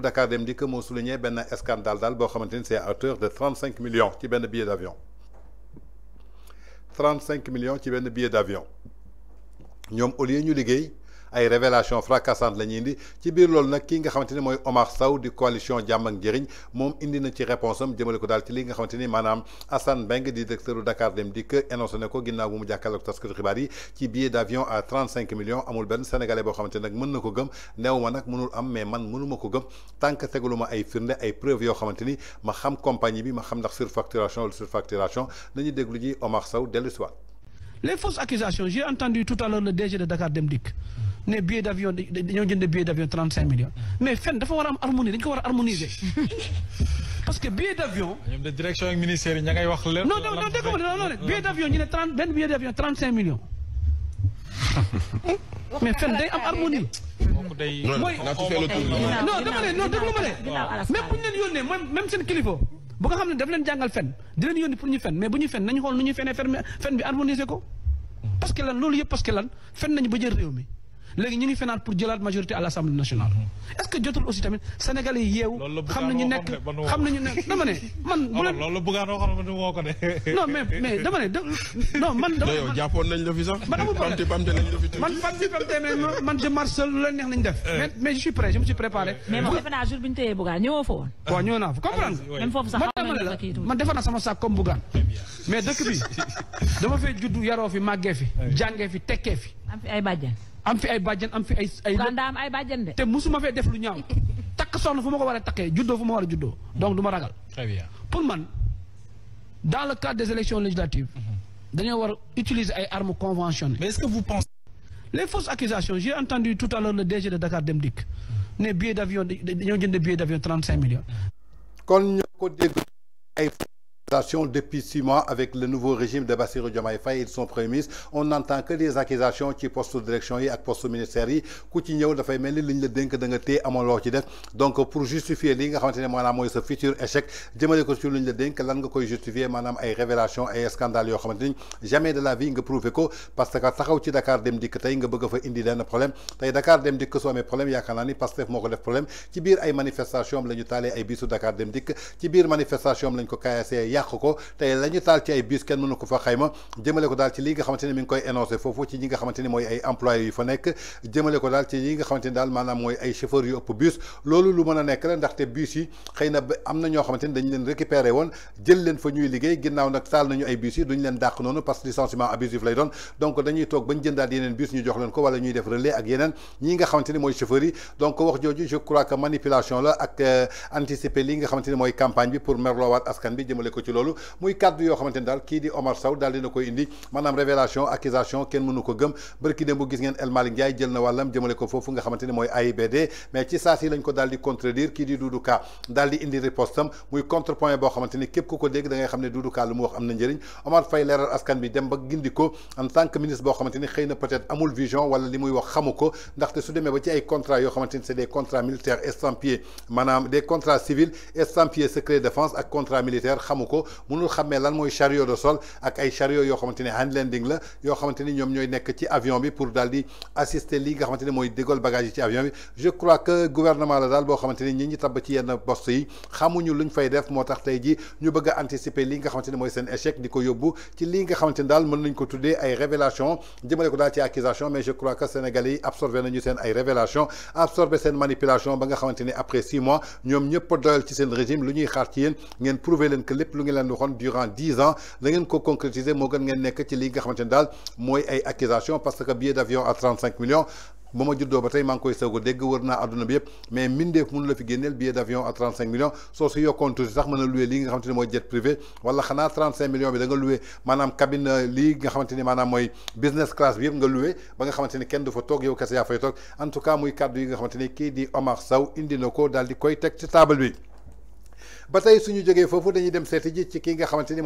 d'accord Dakar me dit que mon je soulignais un scandale d'Albo Khamantin, c'est à hauteur de 35 millions qui viennent de billets d'avion. 35 millions qui viennent de billets d'avion. Nous avons ay révélation fracassante la ñuy indi ci biir loolu nag kii nga xamante ni mooy Omar Sow di coalition jàmm ak njëriñ moom indi na ci réponse am jëmale ko daal ci li nga xamante ni maanaam di directeur de Dakar Dem Dikk énoncé na ko ginnaaw bu mu jàkkaarloog taskatu xibaar yi ci billet d'avion à 35 millions amul benn sénégalais boo xamante nag mën na ko gëm neew ma mënul am mais man mënuma ko gëm tant que tegaluma ay firnde ay preuve yoo xamante ni ma xam compagnie bi ma xam ndax surfacturation wala surfacturation nañu déglu ji Omar Sow dellu si waat les fausses accusations j'ai entendu tout à l'heure le DG de Dakar Dem Dikk ne billet d'avion avion dañoo jënd billet d'avion 35 millions mais fen dafa war am harmonie dañ ko war harmoniser parce que billet d'avion avion. Ah, de direction ak ministère yi ngay wax. lépp non non non dégg nga loolu billet d'avion ñu né 30 ben billet d'avion 35 millions. mais fen day am harmonie. mooy non dama ne non déglu ma de. même bu leen yonne même sen kilifa. bu ko xam daf leen jàngal fen di leen yónni pour ñu fen mais bu ñu fen nañu xool nu ñuy fenee fen bi harmoniser ko. parce que lan loolu yëpp parce que lan fen nañ ba jël réew mi léegi ñu ngi fenaat pour jëlaat majorité à l' assemblée nationale. Mm-hmm. est ce que jotul aussi tamit sénégalais yi yeewu. xam nañu nekk xam nañu nekk dama ne. man bu leen loolu bëgg naa xam ne woo ko dama ne non man. dama ne nañ la fi sax. man amul neex nañ def. Eh. mais mais je suis prêt je me suis préparé. Eh, eh, mais man defe naa jour bi ñu téyee Bougane ñëwoo fa woon. waaw ñëw naa defar naa sama sac comme Bougane mais dëkk bi dama fee juddu yaroo fi màggee fi jàngee fi tekkee fi am ay bàjjan am fi ay y am fi ay ay. am ay des de. te musuma fee def lu ñaaw tak soxna fu ma ko war a takkee juddoo fu ma war a donc duma ragal. très bien pour man dans le cadre des élections législatives. Mhm. dañu war utiliser ay armes conventionnelles. mais est-ce que vous pensez. les fausses accusations j'ai entendu tout à l'heure le DG de Dakar Dem Dikk né billet d'avion dañu jënd billet d'avion 35 millions. kon ñoko dégg ay depuis six mois avec le nouveau régime de Bassirou Diomaye Faye et de son on n'entend que des accusations qui poste direction yi ak poste ministère yi ku ci mêler dafay mel ni liñ la mon da nga donc pour justifier li nga xamante ne maanaam sa futur échec jëmale ko ci liñ la dénk lan nga koy justifier maanaam ay révélation ay scandale jamais de la vie nga prouver ko parce que taxaw ci Dakar dem dikk tey nga bëgg fa indi lenn problème ce Dakar dem problèmes, il amee problème un an, ni Pastef moo ko def problème ci biir ay manifestation am la et taalee ay bisu Dakar dem dikk ci manifestation am lañ ko yàq ko tey la ñu ci ay bus kenn mënu ko fa xayma jëmele ko dal ci li nga xamanteni mi ngi koy énoncer fofu ci ñi nga xamanteni moy ay employés yu fa nek jëmele ko dal ci ñi nga xamanteni dal manam moy ay chauffeurs yu ëpp bus loolu lu mëna nek nekk ndax té bus yi xeyna amna ño xamanteni ñoo dañ leen récupérer woon jël leen fa ñuy liggéey ginnaw nak sal nañu ay bus yi duñ leen dakk nonu parce que licenciement abusif lay doon donc dañuy tok bañ jëndal yeneen bus ñu jox leen ko wala ñuy def relais ak yeneen ñi nga xamanteni moy mooy chauffeurs yi donc wax jooju je crois que manipulation la ak euh, anticiper li nga xamanteni moy campagne bi pour merlo wat askan bi jëmele ko ci loolu muy kaddu yoo di Omar Sow dina koy indi manam révélation accusation Ken mënu ko gëm barki dembu gis ngeen El Malick Ndiaye jël na wàllam jëmale ko fofu nga xamanteni moy AIBD mais ci saa lañ ko daldi contredire ki di Doudou Ka indi ripostam muy contrepoint bo xamanteni kep képp ku ko da ngay xam Doudou Ka lu mu wax amna na Omar Faye leral askan bi dem ba gindiko ko en tant que ministre bo xamanteni xeyna peut-être amul vision wala li muy wax xamuko ndax te su demee ba ci ay contrats yo xamanteni c'est des contrats militaires estampillés manam des contrats civils estampillés secret défense ak contrat militaire xamuko mënul xamé lan moy chariot de sol ak ay chariot yo xamanteni ne hand landing la yo xamanteni ñom ñoy nek ci avion bi pour daal di assister li nga xamanteni moy dégol bagage ci avion bi je crois que gouvernement la dal bo xamanteni ni ñi ñi tabb ci yenn poste yi xamuñu luñ fay def motax tay ji ñu bëgg anticiper li nga xamanteni moy sen échec diko yobbu ci li nga xamanteni dal mën nañ ko tuddé ay révélation jëmele ko dal ci accusation mais je crois que sénégalais yi absorber nañu sen ay révélation absorber sen manipulation ba nga xamanteni après 6 mois ñom ñëpp doyal ci sen régime lu ñuy xaar ci yeen ngeen prouver leen que lepp lu ngi durant dix ans la ngeen concrétiser mon gën ngeen nekk ci li nga xamante accusation parce que billet d'avion à 35 millions ba ma juddoo ba tey maa ngi koy soog a dégg wër naa àdduna bi yëpp mais mbindeef mënu la fi billet d'avion à 35 millions soo si yokkoon tuuti sax mën a loué euh, lii nga xamante ni jet privé wala 35 millions bi da nga cabine ligue nga xamante ni maanaam business class bi de nga loué ba nga xamante ni kenn du fa toog yow kese yaa fay en tout cas muy kàddu yi nga xamante ni di Omar Sow indi au cours daal di koy teg ci table bi. ba tey suñu jógee foofu dañuy dem seeti ji ci ki nga xamante ni